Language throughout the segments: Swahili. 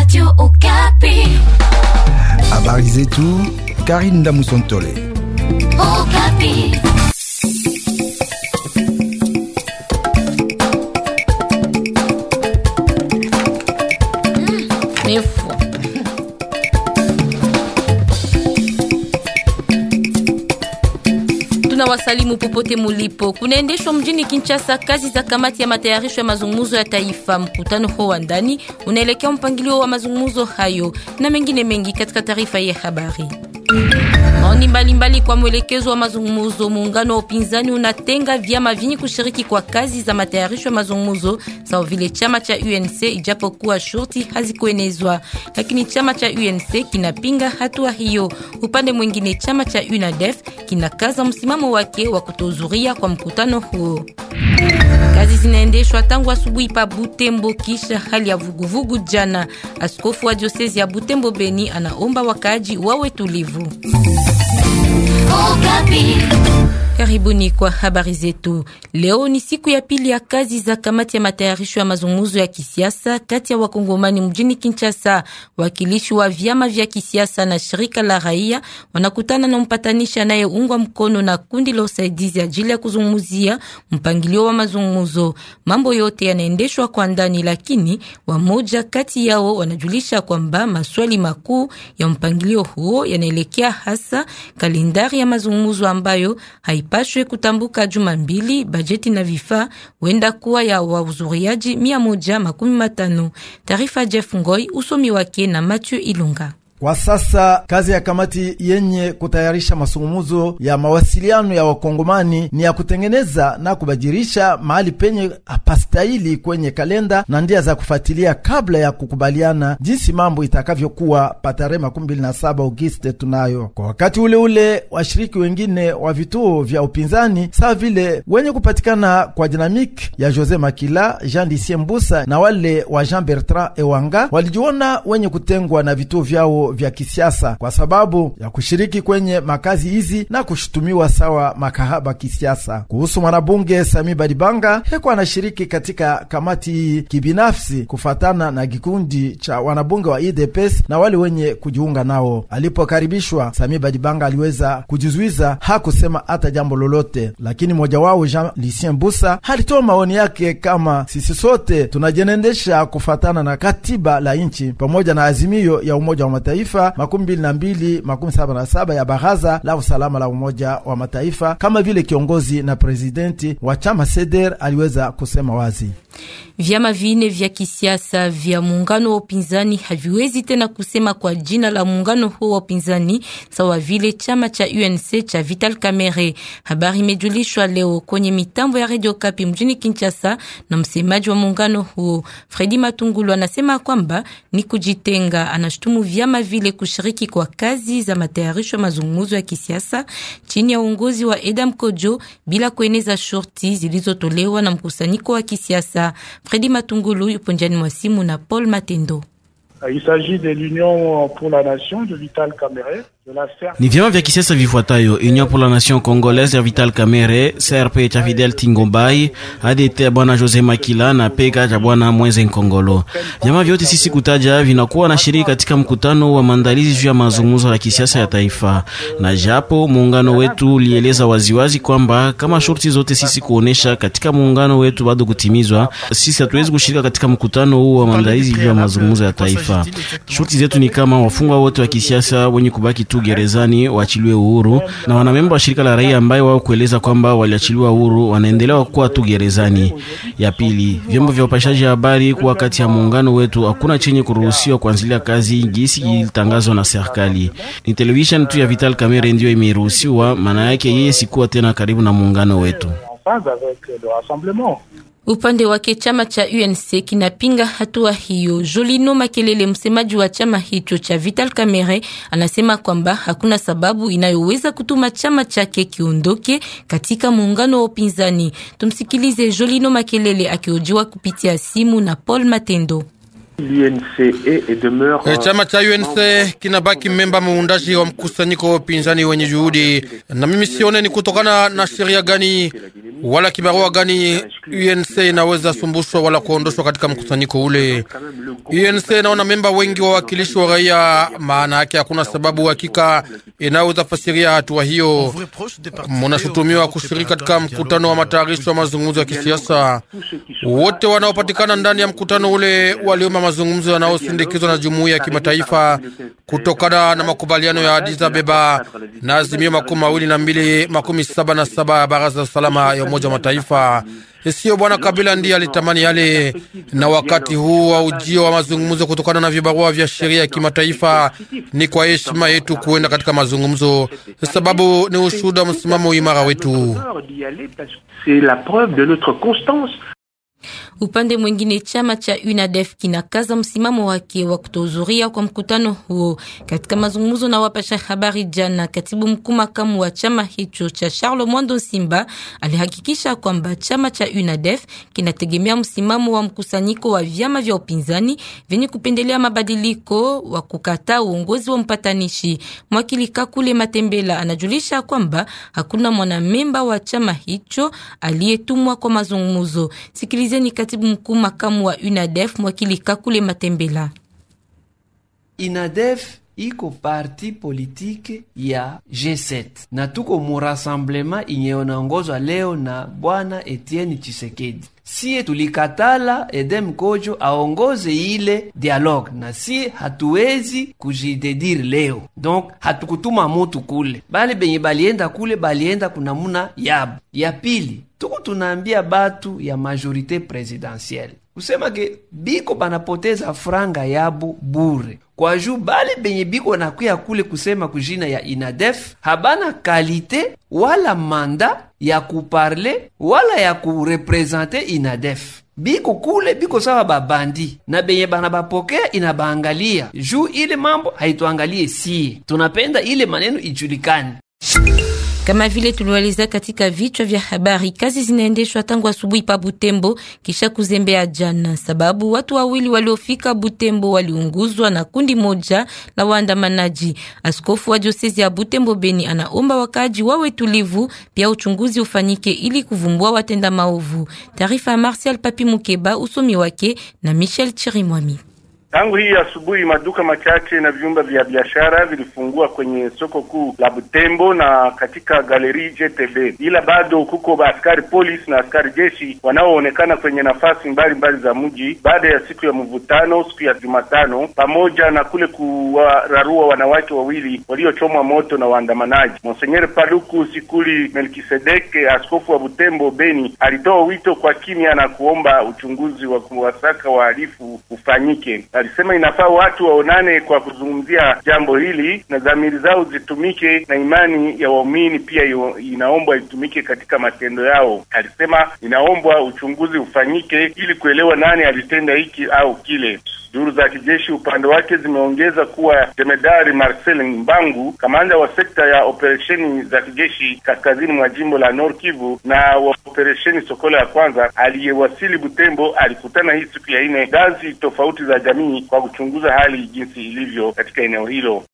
Radio Okapi. Habari tout Karine Au Capi. wasalimu popote mulipo. Kunaendeshwa mjini Kinshasa kazi za kamati ya matayarisho ya mazungumzo ya taifa. Mkutano huo wa ndani unaelekea mpangilio wa mazungumzo hayo na mengine mengi katika taarifa ya habari. Maoni mbalimbali kwa mwelekezo wa mazungumzo. Muungano wa upinzani unatenga vyama vingi kushiriki kwa kazi za matayarisho ya mazungumzo, sawa vile chama cha UNC, ijapokuwa shurti hazikuenezwa, lakini chama cha UNC kinapinga hatua hiyo. Upande mwingine, chama cha UNADEF kinakaza msimamo wake wa kutohudhuria kwa mkutano huo. Kazi zinaendeshwa tangu asubuhi pa Butembo kisha hali ya vuguvugu jana. Askofu wa diosezi ya Butembo Beni anaomba wakaaji wawe tulivu. Okapi. Karibuni kwa habari zetu. Leo ni siku ya pili ya kazi za kamati ya matayarisho ya mazungumzo ya kisiasa kati ya wakongomani mjini Kinshasa. Wakilishi wa vyama vya kisiasa na shirika la raia wanakutana na mpatanishi anayeungwa mkono na kundi la usaidizi ajili ya kuzungumzia mpangilio wa mazungumzo. Mambo yote yanaendeshwa kwa ndani, lakini wamoja kati yao wanajulisha kwamba maswali makuu ya mpangilio huo yanaelekea hasa kalendari ya mazungumzo ambayo haipa yapashwe kutambuka juma mbili. Bajeti na vifaa huenda kuwa ya wauzuriaji mia moja makumi matano. Taarifa Jeff Ngoi, usomi wake na Mathieu Ilunga. Kwa sasa kazi ya kamati yenye kutayarisha masungumuzo ya mawasiliano ya wakongomani ni ya kutengeneza na kubajirisha mahali penye hapastahili kwenye kalenda na ndia za kufuatilia kabla ya kukubaliana jinsi mambo itakavyokuwa patarehe 27 Agosti tunayo. Kwa wakati ule ule, washiriki wengine wa vituo vya upinzani sawa vile wenye kupatikana kwa dinamik ya Jose Makila, Jean Disie Mbusa na wale wa Jean Bertrand Ewanga walijiona wenye kutengwa na vituo vyao vya kisiasa kwa sababu ya kushiriki kwenye makazi hizi na kushutumiwa sawa makahaba kisiasa. Kuhusu mwanabunge Sami Badibanga, heko anashiriki katika kamati hii kibinafsi kufatana na kikundi cha wanabunge wa UDPS na wale wenye kujiunga nao. Alipokaribishwa, Sami Badibanga aliweza kujizuiza, hakusema hata jambo lolote, lakini mmoja wao Jean Lucien Busa alitoa maoni yake kama sisi sote tunajenendesha kufatana na katiba la nchi pamoja na azimio ya Umoja wa Mataifa Mataifa makumi mbili na mbili makumi saba na saba ya Baraza la Usalama la Umoja wa Mataifa, kama vile kiongozi na prezidenti wa chama Seder aliweza kusema wazi. Vyama vine vya kisiasa vya muungano wa upinzani haviwezi tena kusema kwa jina la muungano huo wa upinzani sawa vile chama cha UNC cha Vital Kamerhe. Habari imejulishwa leo kwenye mitambo ya Radio Kapi mjini Kinshasa na msemaji wa muungano huo Fredi Matungulu anasema kwamba ni kujitenga. Anashutumu vyama vile kushiriki kwa kazi za matayarisho ya mazungumzo ya kisiasa chini ya uongozi wa Edam Kojo bila kueneza shorti zilizotolewa na mkusanyiko wa kisiasa. Kinshasa. Freddy Matungulu yupo njiani mwa simu na Paul Matendo. Il s'agit de l'Union pour la Nation de Vital Kamerhe. Ni vyama vya kisiasa vifuatayo: Union pour la Nation Congolaise ya Vital Kamerhe, CRP cha Fidel Tingombai, ADT bwana Jose Makila na Peka cha bwana Mwenze Nkongolo. Vyama vyote sisi kutaja vinakuwa na shiriki katika mkutano wa maandalizi juu ya mazungumzo ya kisiasa ya taifa, na japo muungano wetu ulieleza waziwazi kwamba kama shurti zote sisi kuonesha katika muungano wetu bado kutimizwa, sisi hatuwezi kushirika katika mkutano huu wa maandalizi juu ya mazungumzo ya taifa. Shurti zetu ni kama wafungwa wote wa kisiasa wenye kubaki tu gerezani waachiliwe uhuru, na wanamemba wa shirika la raia ambaye wao kueleza kwamba waliachiliwa uhuru wanaendelea kuwa tu gerezani. Ya pili, vyombo vya upashaji habari kuwa kati ya muungano wetu hakuna chenye kuruhusiwa kuanzilia kazi gisi ilitangazwa na serikali. Ni television tu ya Vital Kamerhe ndio imeruhusiwa, maana yake yeye sikuwa tena karibu na muungano wetu. Upande wake chama cha UNC kinapinga hatua hiyo. Jolino Makelele, msemaji wa chama hicho cha Vital Kamerhe, anasema kwamba hakuna sababu inayoweza kutuma chama chake kiondoke katika muungano wa upinzani. Tumsikilize Jolino Makelele akiojiwa kupitia simu na Paul Matendo. E, chama cha UNC kinabaki memba muundaji wa mkusanyiko wa upinzani wenye juhudi, na mimi sione ni kutokana na sheria gani wala kibarua gani UNC inaweza sumbushwa wala kuondoshwa katika eh, mkusanyiko ule. UNC naona memba wengi wa wakilishi wa raia, maana yake hakuna sababu hakika inayotafasiria hatua hiyo. Munashutumiwa kushiriki katika mkutano wa matayarisho ya mazungumzo ya kisiasa. Wote wanaopatikana ndani ya mkutano ule waliomba mazungumzo yanayosindikizwa na jumuiya ya kimataifa kutokana na makubaliano ya Addis Abeba na azimio makumi mawili na mbili makumi saba na saba ya baraza la usalama ya Umoja wa Mataifa. Sio bwana Kabila ndiye alitamani yale, na wakati huu wa ujio wa mazungumzo kutokana na vibarua vya sheria ya kimataifa, ni kwa heshima yetu kuenda katika mazungumzo, sababu ni ushuhuda msimamo imara wetu. Upande mwingine, chama cha UNADEF kinakaza msimamo wake wa kutohudhuria kwa mkutano huo. Katika mazungumzo na wapasha habari jana, katibu mkuu makamu wa chama hicho cha Charles Mwando Simba alihakikisha kwamba chama cha UNADEF kinategemea msimamo wa mkusanyiko wa vyama vya upinzani vyenye kupendelea mabadiliko wa kukataa uongozi wa mpatanishi. Mwakili Kakule Matembela anajulisha kwamba hakuna mwanamemba wa chama hicho aliyetumwa kwa mazungumzo. Sikilizeni katibu mkuu makamu wa UNADEF mwakili Kakule Matembela. INADEF iko parti politike ya G7 na tuko mu rassemblement inyeonangozwa leo na bwana Etienne Tshisekedi siye tulikatala Edem Kojo aongoze ile dialogue, na si hatuwezi kujidedire leo. Donc hatukutuma mutu kule, bale benye balienda kule balienda kunamuna yabu. Ya pili tuku tunaambia batu ya majorite presidentielle kusema ke biko banapoteza franga yabo bure kwa ju bale benye biko nakuya kule kusema kujina ya inadef habana kalite wala manda ya kuparle wala ya kurepresente inadef biko kule biko sawa babandi na benye bana bapokea inabaangalia juu ile mambo haituangalie siye tunapenda ile maneno ijulikane kama vile tulioeleza katika vichwa vya habari, kazi zinaendeshwa tangu asubuhi pa Butembo kisha kuzembea jana, sababu watu wawili waliofika Butembo waliunguzwa na kundi moja la waandamanaji. Askofu wa diosezi ya Butembo Beni anaomba wakaji wawe tulivu, pia uchunguzi ufanyike ili kuvumbua watenda maovu. Taarifa ya Martial Papi Mukeba, usomi wake na Michel Chirimwami. Tangu hii asubuhi maduka machache na vyumba vya biashara vilifungua kwenye soko kuu la Butembo na katika galeri JTB, ila bado kuko askari polisi na askari jeshi wanaoonekana kwenye nafasi mbalimbali za mji baada ya siku ya mvutano siku ya Jumatano, pamoja na kule kuwararua wanawake wawili waliochomwa moto na waandamanaji. Monsenyeri Paluku Sikuli Melkisedeke, askofu wa Butembo Beni, alitoa wito kwa kimya na kuomba uchunguzi wa kuwasaka wahalifu ufanyike. Alisema inafaa watu waonane kwa kuzungumzia jambo hili na dhamiri zao zitumike, na imani ya waumini pia inaombwa itumike katika matendo yao. Alisema inaombwa uchunguzi ufanyike ili kuelewa nani alitenda hiki au kile. Duru za kijeshi upande wake zimeongeza kuwa jemedari Marcel Mbangu, kamanda wa sekta ya operesheni za kijeshi kaskazini mwa jimbo la Nord Kivu na wa operesheni Sokola ya kwanza aliyewasili Butembo, alikutana hii siku ya nne ngazi tofauti za jamii kwa kuchunguza hali jinsi ilivyo katika eneo hilo.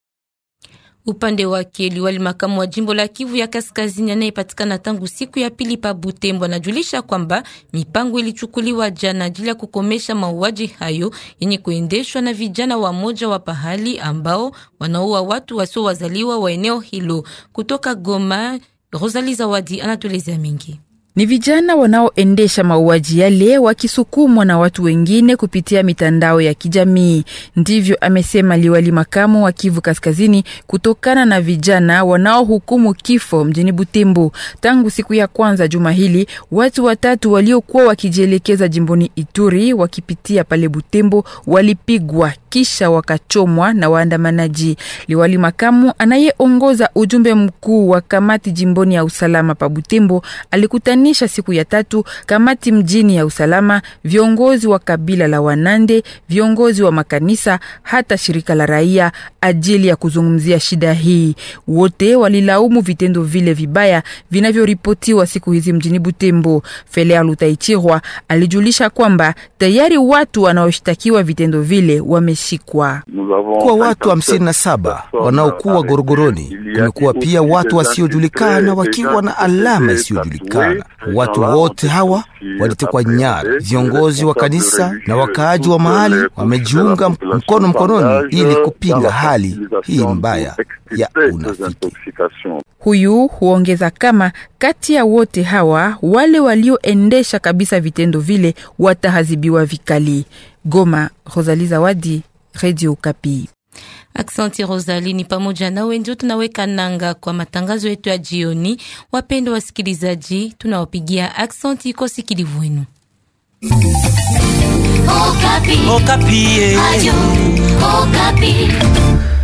Upande wake liwali makamu wa jimbo la Kivu ya Kaskazini anayepatikana tangu siku ya pili pa Butembo anajulisha kwamba mipango ilichukuliwa jana ajili ya kukomesha mauaji hayo yenye kuendeshwa na vijana wa moja wa pahali ambao wanaua watu wasio wazaliwa wa eneo hilo. Kutoka Goma, Rosali Zawadi anatuelezea mengi. Ni vijana wanaoendesha mauaji yale wakisukumwa na watu wengine kupitia mitandao ya kijamii. Ndivyo amesema liwali makamu wa Kivu Kaskazini, kutokana na vijana wanaohukumu kifo mjini Butembo. Tangu siku ya kwanza juma hili, watu watatu waliokuwa wakijielekeza jimboni Ituri wakipitia pale Butembo walipigwa kisha wakachomwa na waandamanaji. Liwali makamu anayeongoza ujumbe mkuu wa kamati jimboni ya usalama pa Butembo alikutana kuidhinisha siku ya tatu kamati mjini ya usalama, viongozi wa kabila la Wanande, viongozi wa makanisa, hata shirika la raia ajili ya kuzungumzia shida hii. Wote walilaumu vitendo vile vibaya vinavyoripotiwa siku hizi mjini Butembo. Felea Lutaichirwa alijulisha kwamba tayari watu wanaoshtakiwa vitendo vile wameshikwa kwa watu hamsini na saba wanaokuwa gorogoroni. Kumekuwa pia watu wasiojulikana wakiwa na alama isiyojulikana Watu wote hawa walitekwa nyara. Viongozi wa kanisa na wakaaji wa mahali wamejiunga mkono mkononi, ili kupinga hali hii mbaya ya unafiki. Huyu huongeza kama kati ya wote hawa wale walioendesha kabisa vitendo vile watahazibiwa vikali. Goma, Rosalie Zawadi, Radio Kapi. Aksanti Rosali, ni pamoja na ndio tunaweka nanga kwa matangazo yetu ya jioni. Wapendwa wasikilizaji, tunawapigia aksanti kwa sikilivu wenu. Okapi. Okapi. Eh. Ayu, Okapi.